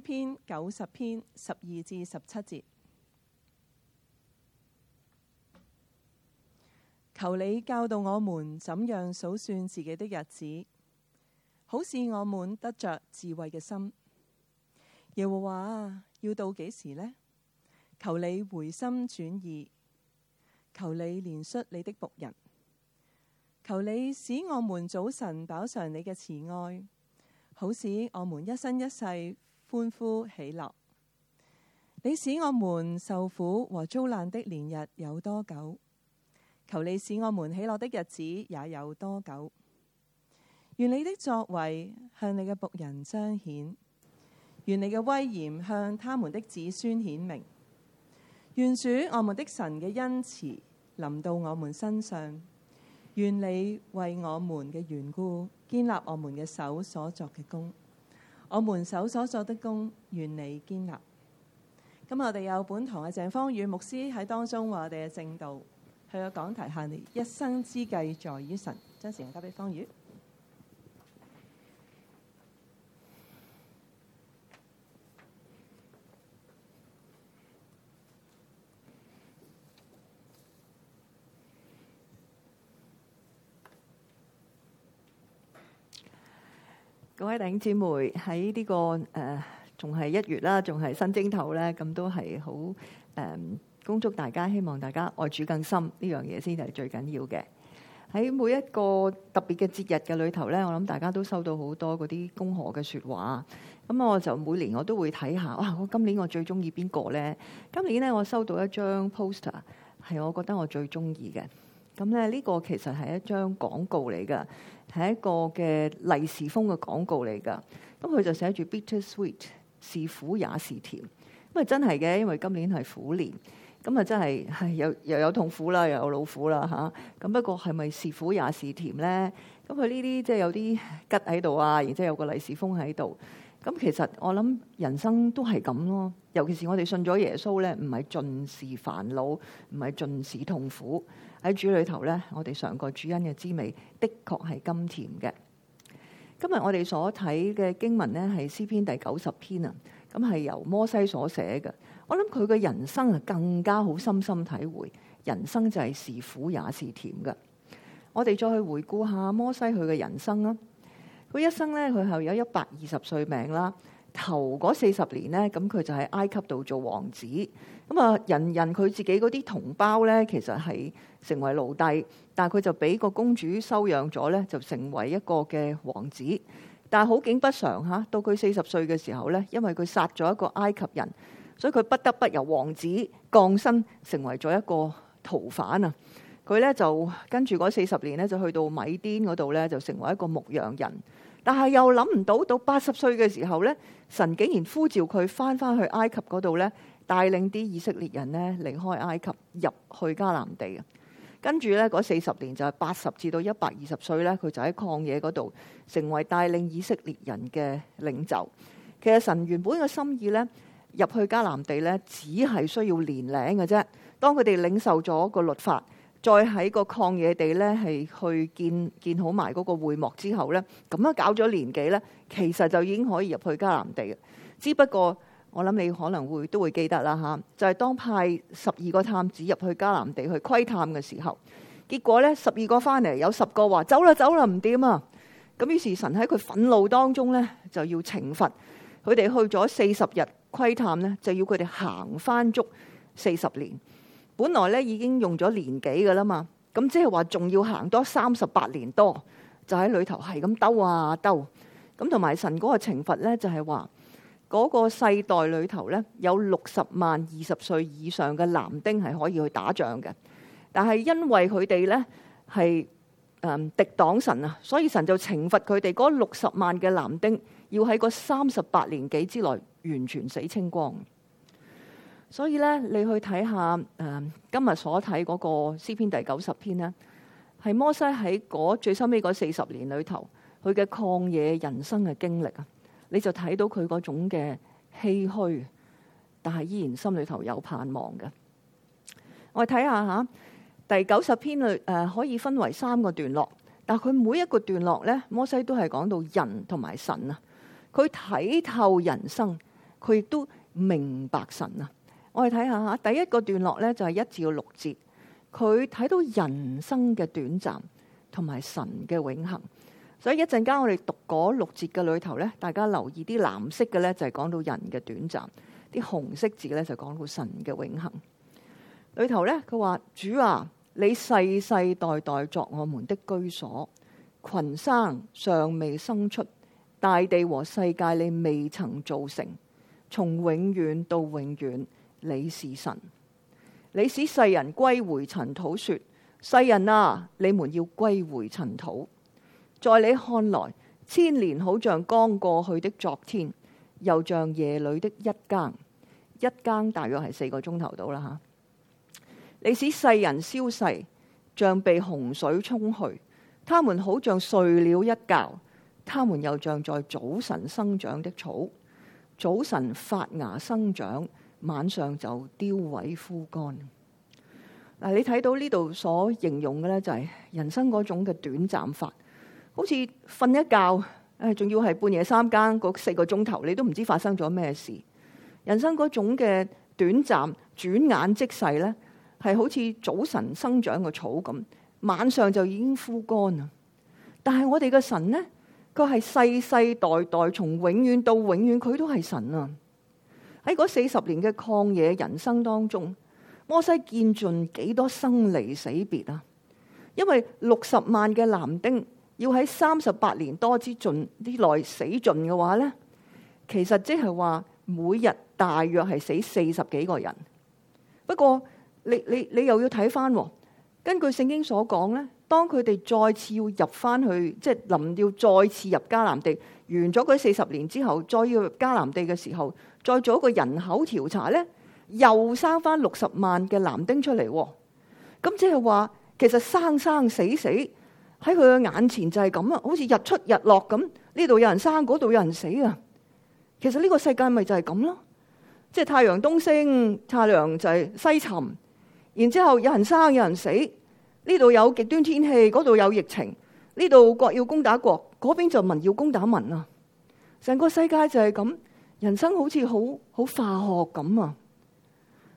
篇九十篇十二至十七節，求你教導我們怎樣數算自己的日子，好使我們得着智慧嘅心。耶和華啊，要到幾時呢？求你回心轉意，求你憐恤你的僕人，求你使我們早晨飽嘗你嘅慈愛，好使我們一生一世。歡呼喜樂，你使我們受苦和遭難的年日有多久？求你使我們喜樂的日子也有多久？願你的作為向你嘅僕人彰顯，願你嘅威嚴向他們的子孫顯明。願主我們的神嘅恩慈臨到我們身上，願你為我們嘅緣故建立我們嘅手所作嘅工。我們手所作的工，願你堅立。今日我哋有本堂嘅鄭方宇牧師喺當中話我哋嘅正道，佢嘅講題下你。你一生之計在於神。將時間交俾方宇。各位弟兄姊妹，喺呢、這個誒仲係一月啦，仲係新蒸頭新正頭咧，咁都係好誒，恭祝大家，希望大家愛主更深呢樣嘢先係最緊要嘅。喺每一個特別嘅節日嘅裏頭咧，我諗大家都收到好多嗰啲恭賀嘅説話。咁我就每年我都會睇下，哇、啊！我今年我最中意邊個咧？今年咧我收到一張 poster，係我覺得我最中意嘅。咁咧，呢個其實係一張廣告嚟噶，係一個嘅利是封嘅廣告嚟噶。咁佢就寫住 Bitter Sweet，是苦也是甜。咁啊，真係嘅，因為今年係苦年，咁啊，真係係有又有痛苦啦，又有老虎啦嚇。咁、啊、不過係咪是，是苦也是甜咧？咁佢呢啲即係有啲吉喺度啊，然之後有個利是封喺度。咁其實我諗人生都係咁咯，尤其是我哋信咗耶穌咧，唔係盡是煩惱，唔係盡是痛苦。喺主裏頭咧，我哋嘗過主恩嘅滋味，的確係甘甜嘅。今日我哋所睇嘅經文咧，係詩篇第九十篇啊，咁係由摩西所寫嘅。我諗佢嘅人生啊，更加好深深體會，人生就係是,是苦也是甜嘅。我哋再去回顧一下摩西佢嘅人生啦。佢一生咧，佢係有一百二十歲命啦。頭嗰四十年呢，咁佢就喺埃及度做王子。咁啊，人人佢自己嗰啲同胞呢，其實係成為奴隸，但係佢就俾個公主收養咗呢，就成為一個嘅王子。但係好景不常，吓到佢四十歲嘅時候呢，因為佢殺咗一個埃及人，所以佢不得不由王子降身，成為咗一個逃犯啊！佢呢就跟住嗰四十年呢，就去到米甸嗰度呢，就成為一個牧羊人。但係又諗唔到，到八十歲嘅時候咧，神竟然呼召佢返翻去埃及嗰度咧，帶領啲以色列人咧離開埃及，入去迦南地。跟住呢，嗰四十年就係八十至到一百二十歲呢，佢就喺曠野嗰度成為帶領以色列人嘅領袖。其實神原本嘅心意呢，入去迦南地呢，只係需要年齡嘅啫，當佢哋領受咗個律法，再喺個曠野地咧，係去建建好埋嗰個會幕之後咧，咁樣搞咗年幾咧，其實就已經可以入去迦南地嘅。只不過我諗你可能會都會記得啦吓，就係當派十二個探子入去迦南地去窺探嘅時候，結果咧，十二個翻嚟，有十個話走啦走啦，唔掂啊！咁於是神喺佢憤怒當中咧，就要懲罰佢哋去咗四十日窺探咧，就要佢哋行翻足四十年。本來咧已經用咗年幾嘅啦嘛，咁即係話仲要行多三十八年多，就喺裏頭係咁兜啊兜。咁同埋神嗰個懲罰咧，就係話嗰個世代裏頭咧有六十萬二十歲以上嘅男丁係可以去打仗嘅，但係因為佢哋咧係誒抵擋神啊，所以神就懲罰佢哋嗰六十萬嘅男丁，要喺個三十八年幾之內完全死清光。所以咧，你去睇下誒今日所睇嗰個詩篇第九十篇咧，係摩西喺最收尾嗰四十年裏頭，佢嘅曠野人生嘅經歷啊，你就睇到佢嗰種嘅唏噓，但係依然心裏頭有盼望嘅。我哋睇下嚇第九十篇裏誒、呃，可以分為三個段落，但係佢每一個段落咧，摩西都係講到人同埋神啊。佢睇透人生，佢亦都明白神啊。我哋睇下吓，第一個段落呢就係一至六節。佢睇到人生嘅短暫，同埋神嘅永恒。所以一陣間我哋讀嗰六節嘅裏頭呢，大家留意啲藍色嘅呢就係講到人嘅短暫，啲紅色字呢就講到神嘅永恒。裏頭呢，佢話：主啊，你世世代代作我們的居所，群生尚未生出，大地和世界你未曾造成，從永遠到永遠。你是神，你使世人歸回塵土，說：世人啊，你們要歸回塵土。在你看來，千年好像剛過去的昨天，又像夜裏的一更一更，大約係四個鐘頭到啦。你使世人消逝，像被洪水沖去；他們好像睡了一覺，他們又像在早晨生長的草，早晨發芽生長。晚上就凋萎枯乾。嗱，你睇到呢度所形容嘅咧，就係人生嗰種嘅短暫法，好似瞓一覺，誒，仲要係半夜三更嗰四個鐘頭，你都唔知發生咗咩事。人生嗰種嘅短暫，轉眼即逝咧，係好似早晨生長嘅草咁，晚上就已經枯乾啊！但係我哋嘅神咧，佢係世世代代，從永遠到永遠，佢都係神啊！喺嗰四十年嘅曠野人生當中，摩西見盡幾多生離死別啊？因為六十萬嘅男丁要喺三十八年多之盡之內死盡嘅話咧，其實即係話每日大約係死四十幾個人。不過你你你又要睇翻、哦、根據聖經所講咧，當佢哋再次要入翻去，即係臨要再次入迦南地完咗佢四十年之後，再要入迦南地嘅時候。再做一個人口調查咧，又生翻六十萬嘅男丁出嚟，咁即係話其實生生死死喺佢嘅眼前就係咁啊，好似日出日落咁。呢度有人生，嗰度有人死啊。其實呢個世界咪就係咁咯，即係太陽東升，太陽就係西沉，然之後有人生，有人死。呢度有極端天氣，嗰度有疫情，呢度國要攻打國，嗰邊就民要攻打民啊。成個世界就係咁。人生好似好好化學咁啊！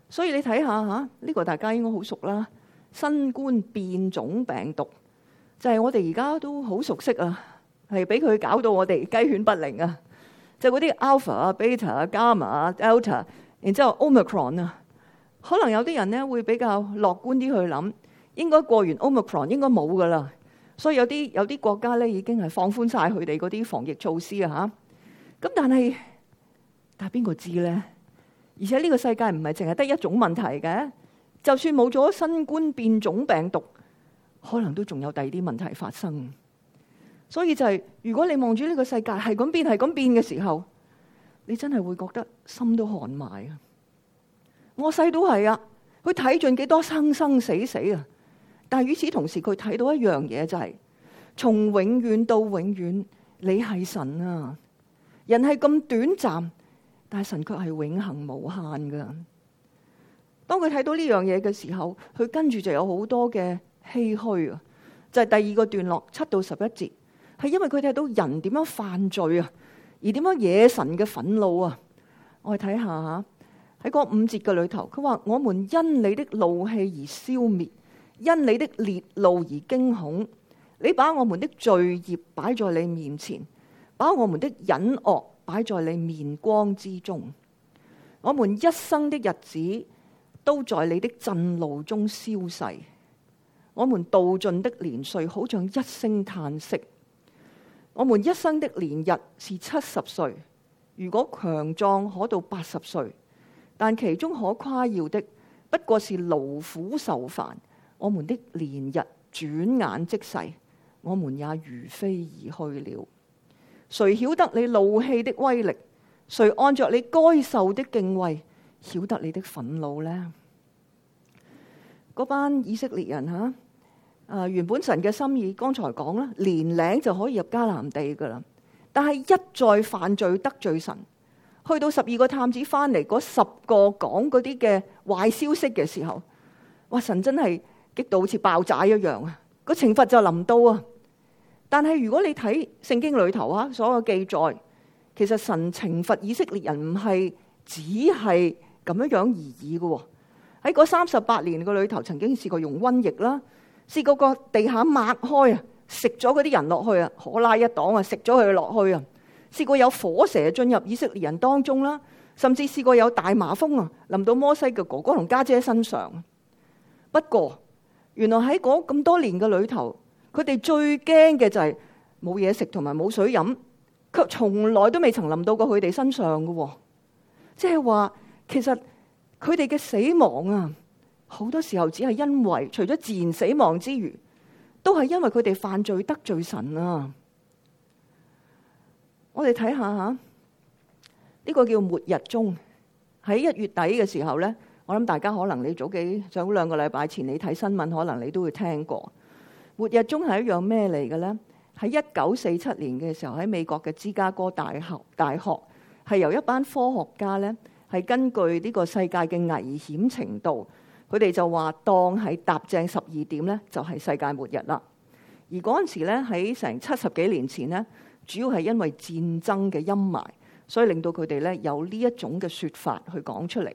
所以你睇下嚇，呢個大家應該好熟啦。新冠變種病毒就係我哋而家都好熟悉啊，係俾佢搞到我哋雞犬不寧啊！就嗰啲 alpha、beta、gamma、delta，然之後 omicron 啊，可能有啲人咧會比較樂觀啲去諗，應該過完 omicron 應該冇噶啦。所以有啲有啲國家咧已經係放寬晒佢哋嗰啲防疫措施啊！嚇，咁但係。但係邊個知咧？而且呢個世界唔係淨係得一種問題嘅，就算冇咗新冠變種病毒，可能都仲有第二啲問題發生。所以就係，如果你望住呢個世界係咁變、係咁變嘅時候，你真係會覺得心都寒埋啊！我細都係啊，佢睇盡幾多生生死死啊！但係與此同時，佢睇到一樣嘢就係：從永遠到永遠，你係神啊！人係咁短暫。但係神卻係永恒無限嘅。當佢睇到呢樣嘢嘅時候，佢跟住就有好多嘅唏噓啊！就係第二個段落七到十一節，係因為佢睇到人點樣犯罪啊，而點樣惹神嘅憤怒啊。我哋睇下喺嗰五節嘅裏頭，佢話：我們因你的怒氣而消滅，因你的烈怒而驚恐。你把我們的罪孽擺在你面前，把我們的隱惡。擺在你面光之中，我們一生的日子都在你的震怒中消逝；我們度盡的年歲，好像一聲嘆息。我們一生的年日是七十歲，如果強壯可到八十歲，但其中可誇耀的不過是勞苦愁煩。我們的年日轉眼即逝，我們也如飛而去了。誰曉得你怒氣的威力？誰按着你該受的敬畏曉得你的憤怒呢？嗰班以色列人啊、呃、原本神嘅心意剛才講啦，年齡就可以入迦南地噶啦，但是一再犯罪得罪神，去到十二個探子返嚟嗰十個講嗰啲嘅壞消息嘅時候，哇神真係激到好似爆炸一樣啊！個懲罰就臨到啊！但係如果你睇聖經裏頭啊，所有記載，其實神懲罰以色列人唔係只係咁樣樣而已嘅。喺嗰三十八年嘅裏頭，曾經試過用瘟疫啦，試過個地下抹開啊，食咗嗰啲人落去啊，可拉一黨啊，食咗佢落去啊，試過有火蛇進入以色列人當中啦，甚至試過有大麻風啊，臨到摩西嘅哥哥同家姐身上。不過，原來喺嗰咁多年嘅裏頭，佢哋最驚嘅就係冇嘢食同埋冇水飲，卻從來都未曾臨到過佢哋身上嘅喎。即係話，其實佢哋嘅死亡啊，好多時候只係因為除咗自然死亡之餘，都係因為佢哋犯罪得罪神啊！我哋睇下嚇，呢個叫末日鐘。喺一月底嘅時候咧，我諗大家可能你早幾早兩個禮拜前你睇新聞，可能你都會聽過。末日鐘係一樣咩嚟嘅咧？喺一九四七年嘅時候，喺美國嘅芝加哥大學大學，係由一班科學家咧，係根據呢個世界嘅危險程度，佢哋就話當係搭正十二點咧，就係、是、世界末日啦。而嗰陣時咧，喺成七十幾年前咧，主要係因為戰爭嘅陰霾，所以令到佢哋咧有呢一種嘅説法去講出嚟。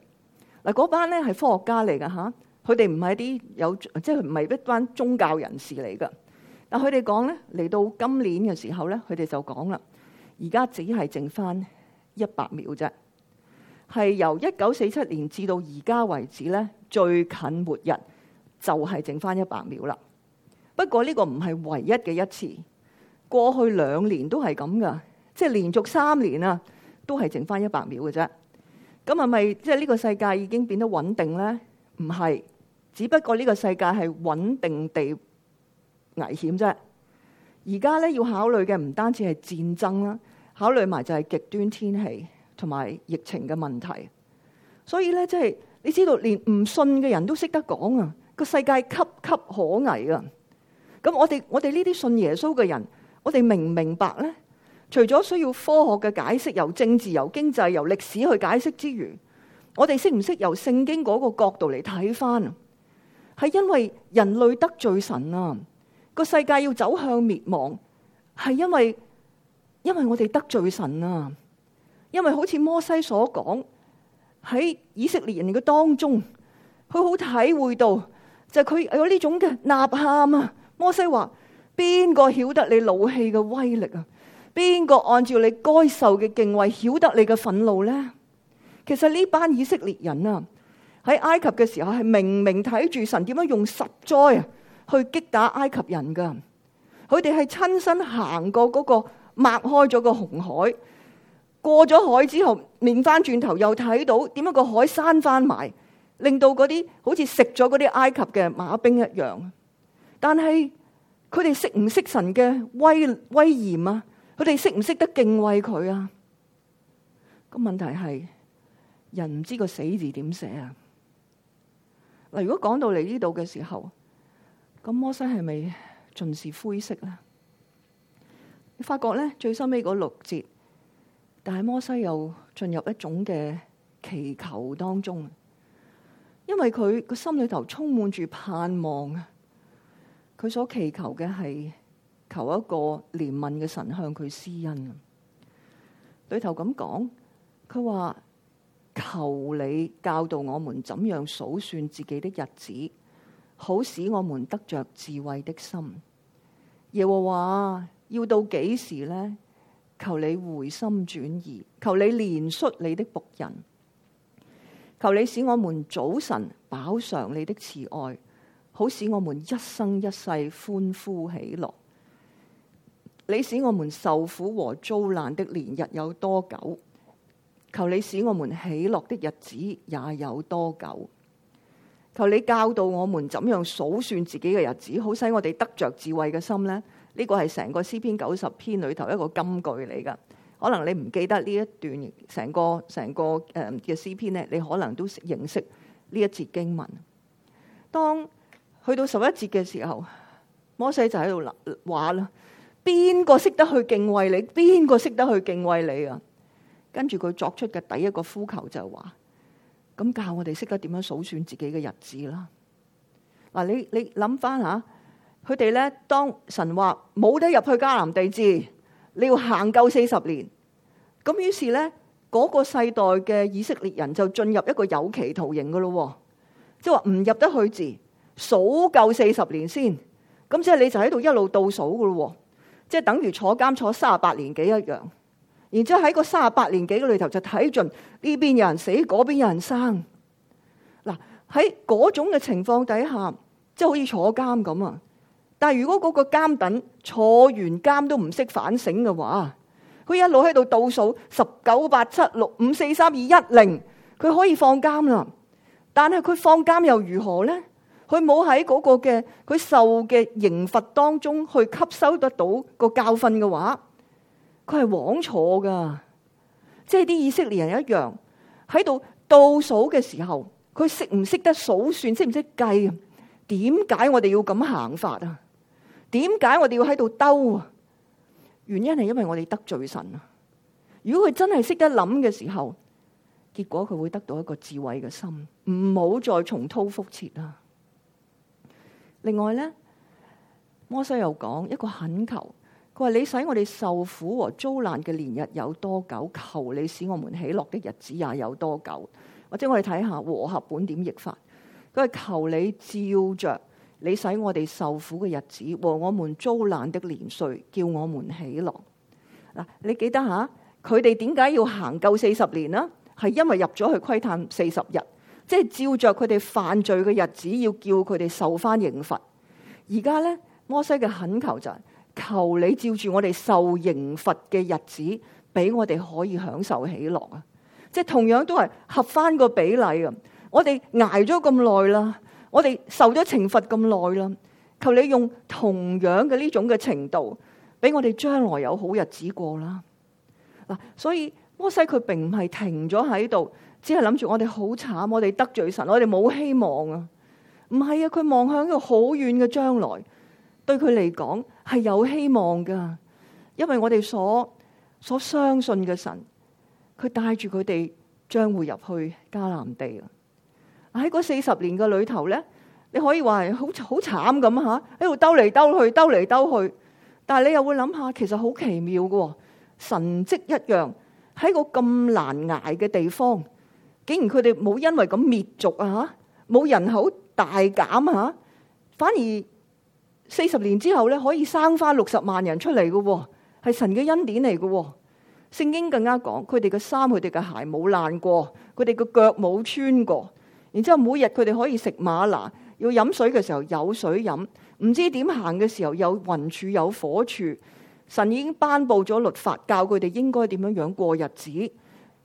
嗱，嗰班咧係科學家嚟嘅吓。佢哋唔係啲有即係唔係一班宗教人士嚟噶，但佢哋講咧，嚟到今年嘅時候咧，佢哋就講啦，現在是而家只係剩翻一百秒啫，係由一九四七年至到而家為止咧，最近末日就係剩翻一百秒啦。不過呢個唔係唯一嘅一次，過去兩年都係咁噶，即係連續三年啊，都係剩翻一百秒嘅啫。咁係咪即係呢個世界已經變得穩定咧？唔係。只不過呢個世界係穩定地危險啫。而家咧，要考慮嘅唔單止係戰爭啦，考慮埋就係極端天氣同埋疫情嘅問題。所以咧，即係你知道，連唔信嘅人都識得講啊，個世界岌岌可危啊。咁我哋我哋呢啲信耶穌嘅人，我哋明唔明白咧？除咗需要科學嘅解釋，由政治、由經濟、由歷史去解釋之餘，我哋識唔識由聖經嗰個角度嚟睇翻？係因為人類得罪神啊，個世界要走向滅亡，係因為因為我哋得罪神啊，因為好似摩西所講喺以色列人嘅當中，佢好體會到就係佢有呢種嘅呐喊啊。摩西話：邊個曉得你怒氣嘅威力啊？邊個按照你該受嘅敬畏，曉得你嘅憤怒咧？其實呢班以色列人啊。喺埃及嘅時候，係明明睇住神點樣用十災啊，去擊打埃及人噶。佢哋係親身行過嗰、嗰個擘開咗個紅海，過咗海之後，擰翻轉頭又睇到點樣個海閂翻埋，令到嗰啲好似食咗嗰啲埃及嘅馬兵一樣。但係佢哋識唔識神嘅威威嚴啊？佢哋識唔識得敬畏佢啊？個問題係人唔知個死字點寫啊？嗱，如果講到嚟呢度嘅時候，咁摩西係咪盡是灰色咧？你發覺咧最收尾嗰六節，但係摩西又進入一種嘅祈求當中，因為佢個心裏頭充滿住盼望，佢所祈求嘅係求一個憐憫嘅神向佢施恩。裏頭咁講，佢話。求你教導我們怎樣數算自己的日子，好使我們得着智慧的心。耶和華，要到幾時呢？求你回心轉意，求你憐恤你的僕人，求你使我們早晨飽嘗你的慈愛，好使我們一生一世歡呼喜樂。你使我們受苦和遭難的年日有多久？求你使我們喜樂的日子也有多久？求你教導我們怎樣數算自己嘅日子，好使我哋得着智慧嘅心咧。呢個係成個詩篇九十篇裏頭一個金句嚟㗎。可能你唔記得呢一段成個成個誒嘅詩篇咧，你可能都認識呢一節經文當。當去到十一節嘅時候，摩西就喺度話啦：邊個識得去敬畏你？邊個識得去敬畏你啊？跟住佢作出嘅第一個呼求就係話：咁教我哋識得點樣數算自己嘅日子啦。嗱，你你諗返吓，佢哋咧當神話冇得入去迦南地至，你要行夠四十年。咁於是咧，嗰個世代嘅以色列人就進入一個有期徒刑嘅咯。即係話唔入得去至，數夠四十年先。咁即係你就喺度一路倒數嘅咯。即係等於坐監坐三十八年幾一樣。然之後喺個三十八年幾嘅裏頭就睇盡呢邊有人死，嗰邊有人生。嗱喺嗰種嘅情況底下，即係好似坐監咁啊！但係如果嗰個監等坐完監都唔識反省嘅話，佢一路喺度倒數十九八七六五四三二一零，佢可以放監啦。但係佢放監又如何呢？佢冇喺嗰個嘅佢受嘅刑罰當中去吸收得到個教訓嘅話。佢係枉錯噶，即係啲以色列人一樣喺度倒數嘅時候，佢識唔識得數算，識唔識計？點解我哋要咁行法啊？點解我哋要喺度兜啊？原因係因為我哋得罪神啊！如果佢真係識得諗嘅時候，結果佢會得到一個智慧嘅心，唔好再重蹈覆轍啦。另外咧，摩西又講一個懇求。佢話你使我哋受苦和遭難嘅年日有多久？求你使我們喜樂的日子也有多久？或者我哋睇下和合本點譯法，佢係求你照着你使我哋受苦嘅日子和我們遭難的年歲，叫我們喜樂。嗱，你記得吓？佢哋點解要行夠四十年呢？係因為入咗去窺探四十日，即係照着佢哋犯罪嘅日子，要叫佢哋受翻刑罰。而家咧，摩西嘅懇求就係、是。求你照住我哋受刑罰嘅日子，俾我哋可以享受喜樂啊！即係同樣都係合翻個比例啊！我哋挨咗咁耐啦，我哋受咗懲罰咁耐啦，求你用同樣嘅呢種嘅程度，俾我哋將來有好日子過啦！嗱，所以摩西佢並唔係停咗喺度，只係諗住我哋好慘，我哋得罪神，我哋冇希望啊！唔係啊，佢望向一個好遠嘅將來，對佢嚟講。係有希望噶，因為我哋所所相信嘅神，佢帶住佢哋將會入去迦南地啊！喺嗰四十年嘅裏頭咧，你可以話係好好慘咁吓，喺度兜嚟兜去，兜嚟兜去。但係你又會諗下，其實好奇妙嘅，神迹一樣，喺個咁難捱嘅地方，竟然佢哋冇因為咁滅族啊吓，冇人口大減吓，反而。四十年之後咧，可以生翻六十萬人出嚟嘅喎，係神嘅恩典嚟嘅喎。聖經更加講，佢哋嘅衫、佢哋嘅鞋冇爛過，佢哋嘅腳冇穿過。然之後每日佢哋可以食嗎哪，要飲水嘅時候有水飲，唔知點行嘅時候有雲柱、有火柱。神已經頒布咗律法，教佢哋應該點樣樣過日子。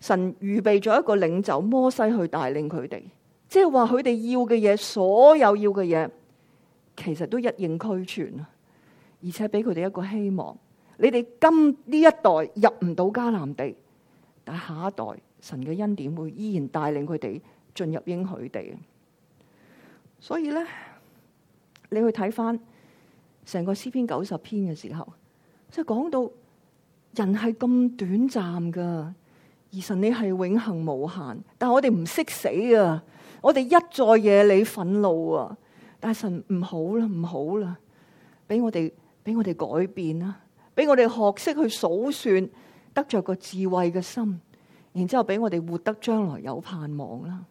神預備咗一個領袖摩西去帶領佢哋，即係話佢哋要嘅嘢，所有要嘅嘢。其實都一應俱全啊，而且俾佢哋一個希望。你哋今呢一代入唔到迦南地，但下一代神嘅恩典會依然帶領佢哋進入應許地。所以咧，你去睇翻成個詩篇九十篇嘅時候，即係講到人係咁短暫噶，而神你係永恒無限。但係我哋唔識死啊，我哋一再惹你憤怒啊！但神唔好啦，唔好啦，俾我哋俾我哋改變啦，俾我哋學識去數算，得着個智慧嘅心，然之後俾我哋活得將來有盼望啦。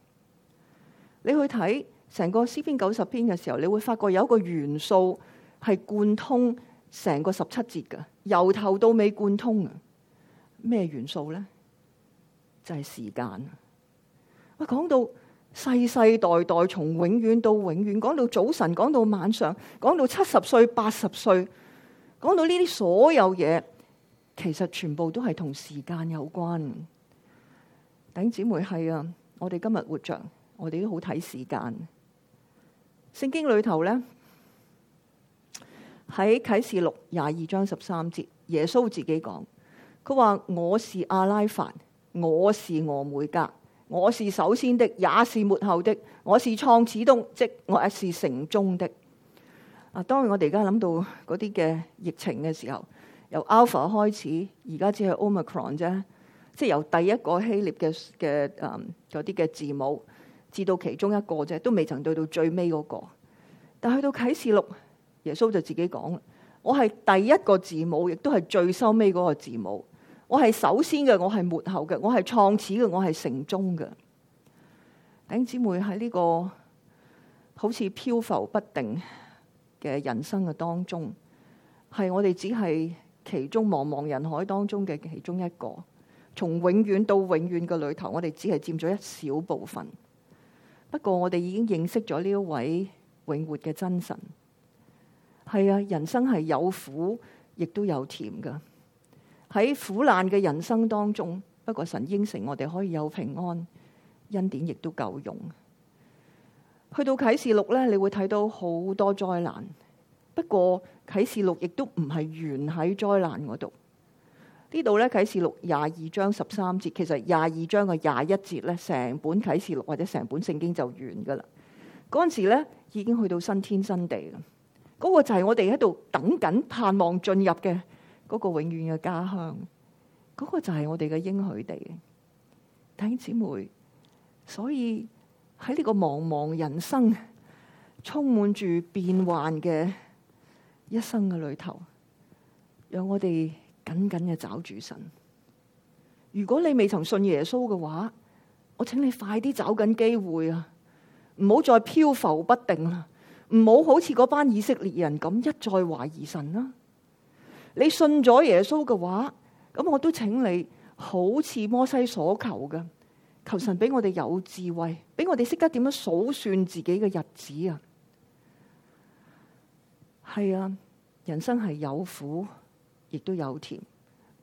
你去睇成個詩篇九十篇嘅時候，你會發覺有一個元素係貫通成個十七節嘅，由頭到尾貫通嘅，咩元素咧？就係時間啊！我講到。世世代代從永遠到永遠，講到早晨，講到晚上，講到七十歲、八十歲，講到呢啲所有嘢，其實全部都係同時間有關。弟兄姊妹係啊，我哋今日活着，我哋都好睇時間。聖經裏頭咧，喺啟示錄廿二章十三節，耶穌自己講，佢話：我是阿拉法，我是俄梅格。我是首先的，也是末後的；我是創始東，即我也是成終的。啊，當然我哋而家諗到嗰啲嘅疫情嘅時候，由 Alpha 開始，現在是而家只係 Omicron 啫，即係由第一個希臘嘅嘅嗯嗰啲嘅字母，至到其中一個啫，都未曾對到最尾嗰個、那個。但去到啟示錄，耶穌就自己講，我是第一個字母，亦都係最收尾嗰個字母。我係首先嘅，我係末後嘅，我係創始嘅，我係成終嘅。弟兄姊妹喺呢個好似漂浮不定嘅人生嘅當中，係我哋只係其中茫茫人海當中嘅其中一個。從永遠到永遠嘅裏頭，我哋只係佔咗一小部分。不過我哋已經認識咗呢一位永活嘅真神。係啊，人生係有苦，亦都有甜㗎。喺苦難嘅人生當中，不過神應承我哋可以有平安，恩典亦都夠用。去到啟示錄咧，你會睇到好多災難，不過啟示錄亦都唔係完喺災難嗰度。呢度咧，啟示錄廿二章十三節，其實廿二章嘅廿一節咧，成本啟示錄或者成本聖經就完噶啦。嗰陣時咧，已經去到新天新地啦。嗰個就係我哋喺度等緊盼望進入嘅。嗰個永遠嘅家鄉，嗰個就係我哋嘅應許地。弟兄姊妹，所以喺呢個茫茫人生充滿住變幻嘅一生嘅裏頭，讓我哋緊緊嘅找住神。如果你未曾信耶穌嘅話，我請你快啲找緊機會啊！唔好再漂浮不定啦，唔好好似嗰班以色列人咁一,一再懷疑神啦。你信咗耶穌嘅話，咁我都請你，好似摩西所求嘅，求神俾我哋有智慧，俾我哋識得點樣數算自己嘅日子啊！係啊，人生係有苦，亦都有甜。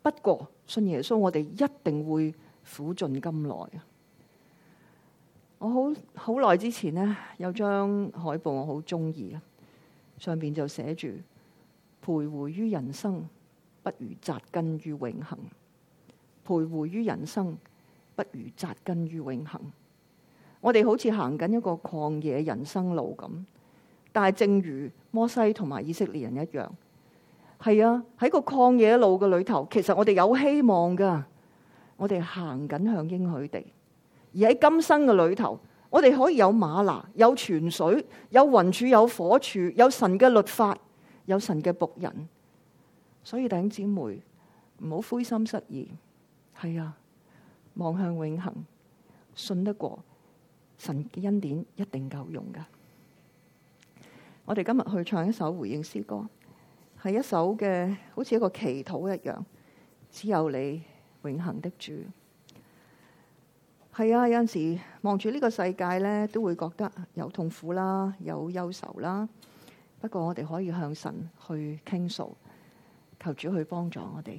不過信耶穌，我哋一定會苦盡甘來啊！我好好耐之前咧，有張海報我好中意啊，上邊就寫住。徘徊於人生，不如扎根於永恆。徘徊於人生，不如扎根於永恆。我哋好似行緊一個曠野人生路咁，但係正如摩西同埋以色列人一樣，係啊，喺個曠野路嘅裏頭，其實我哋有希望噶。我哋行緊向應許地，而喺今生嘅裏頭，我哋可以有馬拿，有泉水，有雲柱、有火柱、有神嘅律法，有神嘅僕人，所以弟兄姊妹唔好灰心失意。係啊，望向永恆，信得過神嘅恩典一定夠用噶。我哋今日去唱一首回應詩歌，係一首嘅好似一個祈禱一樣。只有你永恆的主，係啊。有陣時望住呢個世界咧，都會覺得有痛苦啦，有憂愁啦。不過我哋可以向神去傾訴，求主去幫助我哋。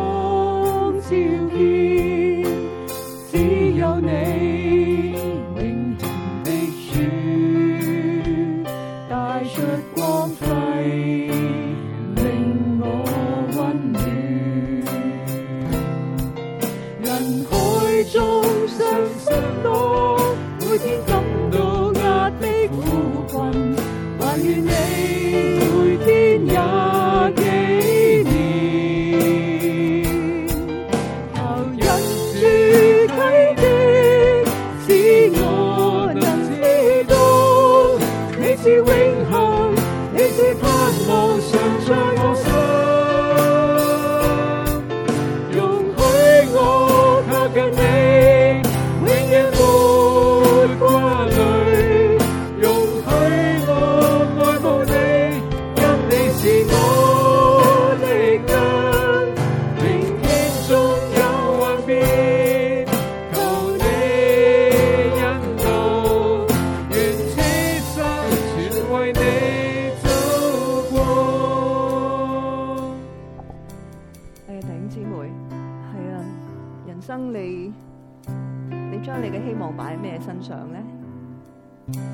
身上咧，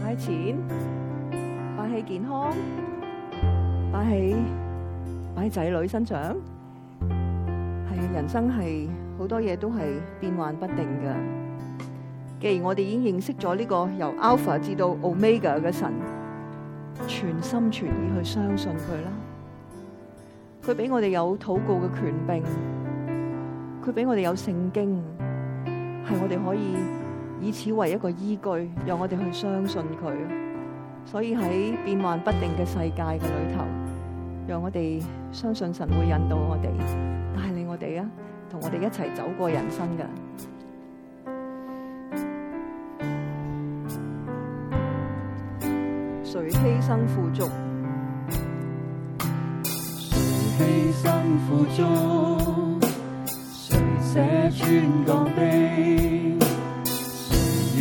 擺錢，擺起健康，擺起擺喺仔女身上，係人生係好多嘢都係變幻不定㗎。既然我哋已經認識咗呢個由 Alpha 至到 Omega 嘅神，全心全意去相信佢啦。佢俾我哋有禱告嘅權柄，佢俾我哋有聖經，係我哋可以。以此為一個依據，讓我哋去相信佢。所以喺變幻不定嘅世界嘅裏頭，讓我哋相信神會引導我哋，帶領我哋啊，同我哋一齊走過人生嘅。誰犧牲富足？誰犧牲富足？誰捨穿鋼盔？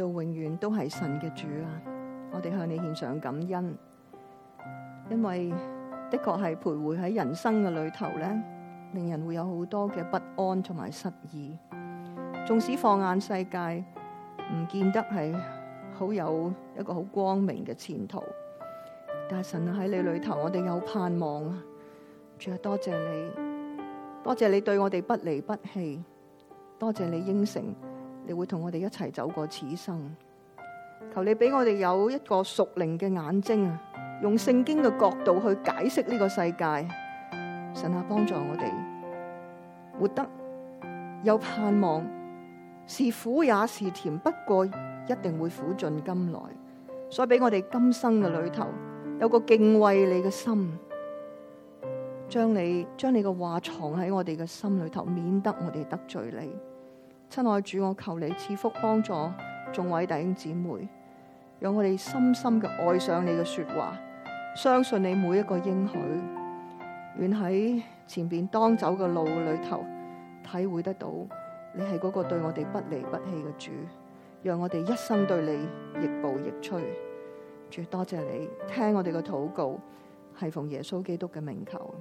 到永遠都係神嘅主啊！我哋向你獻上感恩，因為的確係徘徊喺人生嘅裏頭咧，令人會有好多嘅不安同埋失意。縱使放眼世界，唔見得係好有一個好光明嘅前途，但係神喺你裏頭，我哋有盼望啊！主啊，多謝你，多謝你對我哋不離不棄，多謝你應承。你會同我哋一齊走過此生，求你俾我哋有一個屬靈嘅眼睛啊，用聖經嘅角度去解釋呢個世界。神啊，幫助我哋活得有盼望，是苦也是甜，不過一定會苦盡甘來。所以俾我哋今生嘅裏頭有個敬畏你嘅心，將你將你嘅話藏喺我哋嘅心裏頭，免得我哋得罪你。親愛主，我求你賜福幫助眾位弟兄姊妹，讓我哋深深嘅愛上你嘅說話，相信你每一個應許，願喺前邊當走嘅路裏頭體會得到，你係嗰個對我哋不離不棄嘅主，讓我哋一生對你亦步亦趨。主多謝你聽我哋嘅禱告，係奉耶穌基督嘅名求。